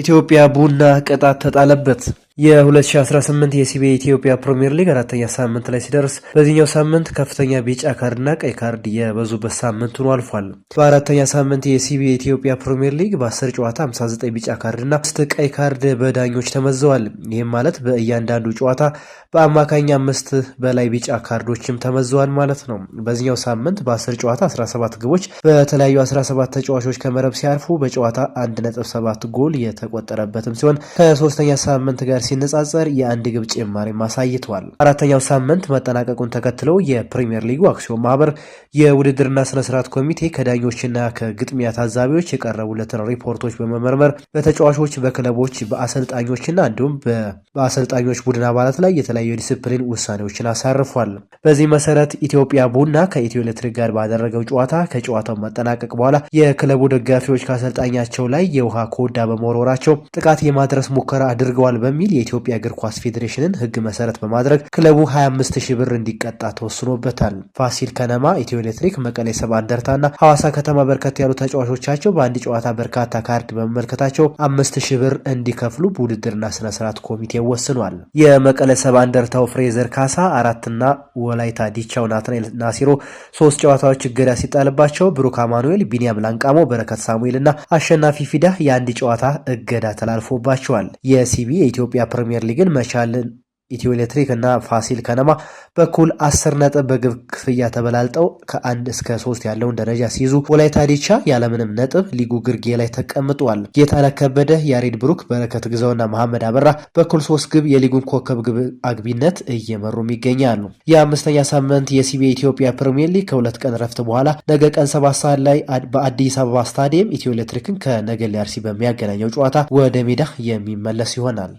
ኢትዮጵያ ቡና ቅጣት ተጣለበት የ2018 የሲቢኤ ኢትዮጵያ ፕሪምየር ሊግ አራተኛ ሳምንት ላይ ሲደርስ በዚህኛው ሳምንት ከፍተኛ ቢጫ ካርድና ቀይ ካርድ የበዙበት ሳምንት ሆኖ አልፏል። በአራተኛ ሳምንት የሲቢኤ ኢትዮጵያ ፕሪምየር ሊግ በ10 ጨዋታ 59 ቢጫ ካርድና አምስት ቀይ ካርድ በዳኞች ተመዘዋል። ይህም ማለት በእያንዳንዱ ጨዋታ በአማካኝ አምስት በላይ ቢጫ ካርዶችም ተመዘዋል ማለት ነው። በዚህኛው ሳምንት በ10 ጨዋታ 17 ግቦች በተለያዩ 17 ተጫዋቾች ከመረብ ሲያርፉ በጨዋታ 1.7 ጎል የተቆጠረበትም ሲሆን ከሶስተኛ ሳምንት ጋር ሲነጻጸር የአንድ ግብ ጭማሪ ማሳይተዋል። አራተኛው ሳምንት መጠናቀቁን ተከትለው የፕሪምየር ሊጉ አክሲዮን ማህበር የውድድርና ስነስርዓት ኮሚቴ ከዳኞችና ከግጥሚያ ታዛቢዎች የቀረቡለትን ሪፖርቶች በመመርመር በተጫዋቾች፣ በክለቦች፣ በአሰልጣኞችና እንዲሁም በአሰልጣኞች ቡድን አባላት ላይ የተለያዩ ዲስፕሊን ውሳኔዎችን አሳርፏል። በዚህ መሰረት ኢትዮጵያ ቡና ከኢትዮ ኤሌክትሪክ ጋር ባደረገው ጨዋታ ከጨዋታው መጠናቀቅ በኋላ የክለቡ ደጋፊዎች ከአሰልጣኛቸው ላይ የውሃ ኮዳ በመወርወራቸው ጥቃት የማድረስ ሙከራ አድርገዋል በሚል የኢትዮጵያ እግር ኳስ ፌዴሬሽንን ህግ መሰረት በማድረግ ክለቡ 25 ሺህ ብር እንዲቀጣ ተወስኖበታል። ፋሲል ከነማ፣ ኢትዮ ኤሌክትሪክ፣ መቀሌ ሰባ እንደርታና ሐዋሳ ከተማ በርከት ያሉ ተጫዋቾቻቸው በአንድ ጨዋታ በርካታ ካርድ በመመልከታቸው አምስት ሺህ ብር እንዲከፍሉ በውድድርና ስነ-ስርዓት ኮሚቴ ወስኗል። የመቀለ ሰባ እንደርታው ፍሬዘር ካሳ አራትና ወላይታ ዲቻው ናትናኤል ናሲሮ ሶስት ጨዋታዎች እገዳ ሲጣልባቸው ብሩክ አማኑኤል፣ ቢኒያም ላንቃሞ፣ በረከት ሳሙኤል እና አሸናፊ ፊዳ የአንድ ጨዋታ እገዳ ተላልፎባቸዋል። የሲቢ የኢትዮጵያ የኢትዮጵያ ፕሪምየር ሊግን መቻልን ኢትዮ ኤሌክትሪክ እና ፋሲል ከነማ በኩል አስር ነጥብ በግብ ክፍያ ተበላልጠው ከአንድ እስከ ሶስት ያለውን ደረጃ ሲይዙ ወላይታ ዲቻ ያለምንም ነጥብ ሊጉ ግርጌ ላይ ተቀምጧል። ጌታነህ ከበደ፣ ያሬድ ብሩክ፣ በረከት ግዛውና መሐመድ አበራ በኩል ሶስት ግብ የሊጉን ኮከብ ግብ አግቢነት እየመሩም ይገኛሉ። የአምስተኛ ሳምንት የሲቢኤ ኢትዮጵያ ፕሪምየር ሊግ ከሁለት ቀን ረፍት በኋላ ነገ ቀን ሰባት ሰዓት ላይ በአዲስ አበባ ስታዲየም ኢትዮ ኤሌክትሪክን ከነገሌ አርሲ በሚያገናኘው ጨዋታ ወደ ሜዳ የሚመለስ ይሆናል።